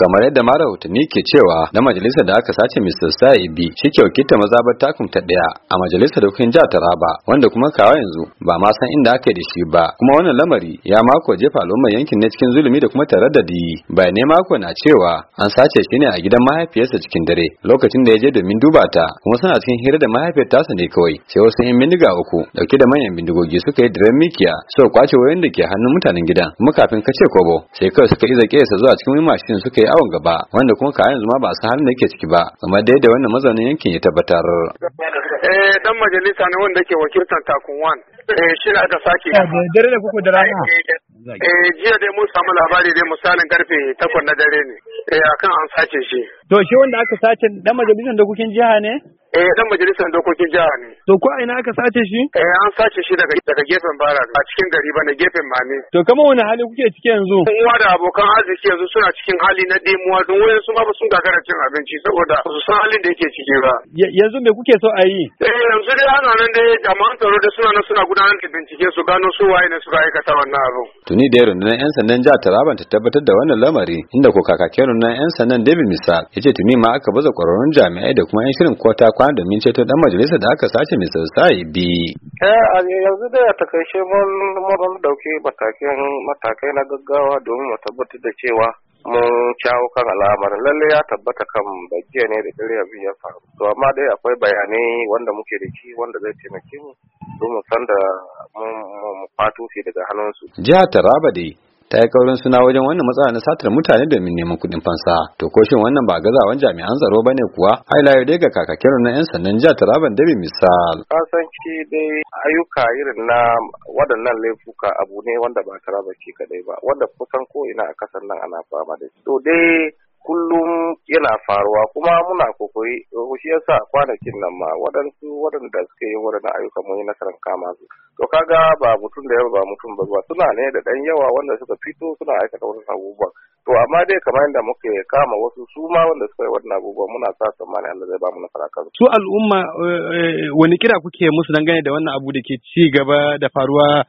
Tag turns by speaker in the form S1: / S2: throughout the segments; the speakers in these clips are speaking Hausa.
S1: kamar yadda mara rahotanni ke cewa na majalisar da aka sace Mr. Sa'ibi shi ke wakilta mazabar takun ta daya a majalisar dokokin jihar Taraba wanda kuma kawa yanzu ba ma san inda aka yi da shi ba kuma wannan lamari ya mako jefa al'ummar yankin ne cikin zulumi da kuma taraddadi bayanai mako na cewa an sace shi ne a gidan mahaifiyarsa cikin dare lokacin da ya je domin duba ta kuma suna cikin hira da mahaifiyar tasa ne kawai sai wasu yan bindiga uku dauke da manyan bindigogi suka yi diren mikiya suka kwace wayan da ke hannun mutanen gidan kuma kafin kace kobo sai kawai suka iza kesa zuwa cikin mashin suka yi awon gaba wanda kuma ka yanzu ma ba su halin da yake ciki ba dai da wannan mazaunin yankin ya tabbatar.
S2: Eh dan majalisa ne wanda ke wakiltar wan Eh shi ne aka sake. Dare
S3: da kuku da rana. Eh,
S2: eh, eh jiya dai mun samu labari dai misalin karfe takwas na dare ne. Eh akan an sace shi.
S1: To shi wanda aka sace dan majalisan da kukin jiha ne?
S2: Eh dan majalisar dokokin jiha ne.
S1: To ko a ina aka sace shi?
S2: Eh an sace shi daga daga gefen bara a cikin gari ba na gefen mame.
S1: To kamar wani hali kuke ciki yanzu?
S2: Uwa da abokan arziki yanzu suna cikin hali na demuwa don wayan su ma ba sun gagara cin abinci saboda su san halin da yake ciki ba.
S1: Yanzu me kuke so
S2: a yi? Eh yanzu dai ana nan dai jama'an tsaro da suna nan suna gudanar da bincike su gano su waye ne suka aikata wannan abu.
S1: Tuni da rundunar 'yan sandan jihar Taraban ta tabbatar da wannan lamari inda ko kakakin 'yan sandan David Misal ya ce tuni ma aka baza kwararrun jami'ai da kuma 'yan shirin kota tallafa domin ceto dan majalisa da aka sace Mr. Sa'ibi.
S2: Eh yanzu da shi mun
S3: mun dauki matakin matakai na gaggawa domin mu tabbatar da cewa mun cawo kan al'amar lalle ya tabbata kan bajiya ne da dare abin ya faru to amma dai akwai bayanai wanda muke da shi wanda zai taimake mu don mu san da mu fato daga su.
S1: Jihar Taraba dai ta yi kaurin suna wajen wannan matsala na satar mutane domin neman kuɗin fansa to ko shin wannan ba gazawan jami'an tsaro bane kuwa ai layo dai ga kakakin na yan sandan jiya taraban dabi misal
S3: kasanci dai ayyuka irin na waɗannan laifuka abu ne wanda ba taraba ke kadai ba wanda kusan ko ina a kasar nan ana fama da shi. to dai kullum yana faruwa kuma muna kokari shi yasa kwanakin nan ma waɗansu waɗanda suke yin waɗannan ayyukan mun yi nasarar kama su to kaga ba mutum da yawa ba mutum ba suna ne da ɗan yawa wanda suka fito suna aikata wasu abubuwan to amma dai kamar yadda muke kama wasu su ma wanda suka yi wannan abubuwa muna sa tsammani Allah zai ba mu nasara kan su al'umma
S1: eh, eh, wani kira kuke musu dangane da wannan abu da ke ci gaba da faruwa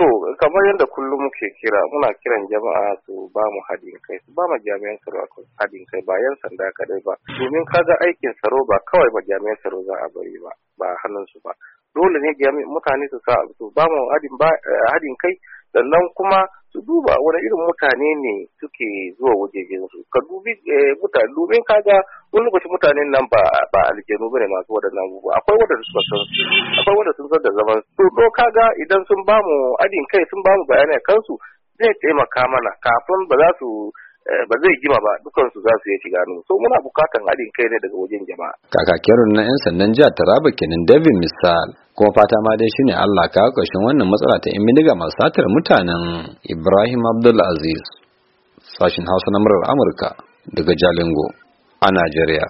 S3: to kamar yadda kullum muke kira muna kiran jama'a su ba mu haɗin kai su ba mu jami'an tsaro haɗin kai ba yan sanda kadai ba domin kaga aikin tsaro ba kawai ba jami'an tsaro za a bari ba ba hannun su ba dole ne mutane su sa su ba mu haɗin eh, kai sannan kuma su duba wani irin mutane ne suke zuwa wajejen su ka dubi eh, mutane domin kaga wani lokaci mutanen nan ba ba aljanu bane masu waɗannan abubuwa akwai wanda su san akwai wanda sun san da zaman su. to do kaga idan sun bamu adin kai sun bamu bayanai kansu zai taimaka mana kafin ba za su eh, ba zai gima ba dukansu za su yi shiga nan so muna bukatan adin kai ne daga wajen jama'a
S1: kerun na 'yan sandan jihar taraba kenan david misal kuma fata ma dai shine Allah ka ƙarshen wannan matsala ta 'yan bindiga masu satar mutanen Ibrahim Abdul Aziz sashin Hausa na murar Amurka daga Jalingo a Najeriya